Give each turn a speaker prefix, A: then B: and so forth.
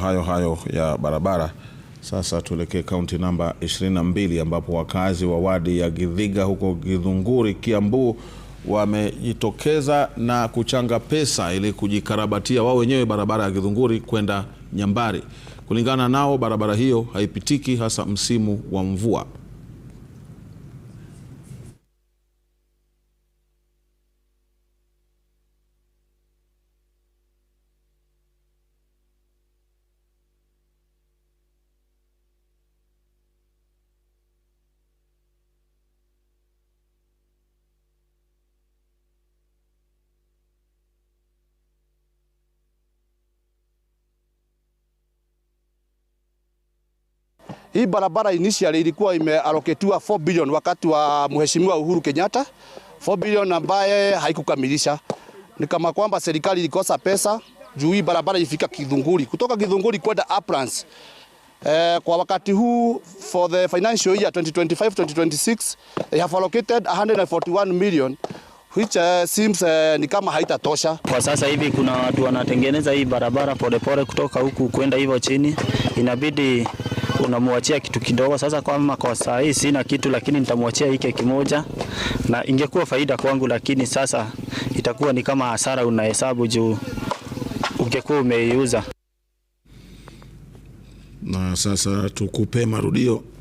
A: Hayo hayo ya barabara. Sasa tuelekee kaunti namba 22 ambapo wakazi wa wadi ya Githiga huko Githunguri, Kiambu wamejitokeza na kuchanga pesa ili kujikarabatia wao wenyewe barabara ya Githunguri kwenda Nyambari. Kulingana nao, barabara hiyo haipitiki hasa msimu wa mvua.
B: Hii barabara initially ilikuwa imealloketiwa 4 billion wakati wa Mheshimiwa Uhuru Kenyatta, 4 billion ambaye haikukamilisha. Ni kama kwamba serikali ilikosa pesa juu hii barabara ifika Kidhunguri kutoka Kidhunguri kwenda Uplands. Eh, kwa wakati huu for the financial year 2025 2026 they have allocated 141 million which uh, seems uh, ni kama haitatosha.
C: Kwa sasa hivi kuna watu wanatengeneza hii barabara polepole pole kutoka huku kwenda hivyo chini, inabidi unamwachia kitu kidogo. Sasa kama kwa saa hii sina kitu, lakini nitamwachia hiki kimoja, na ingekuwa faida kwangu, lakini sasa itakuwa ni kama hasara, unahesabu juu ungekuwa umeiuza.
A: Na sasa tukupe marudio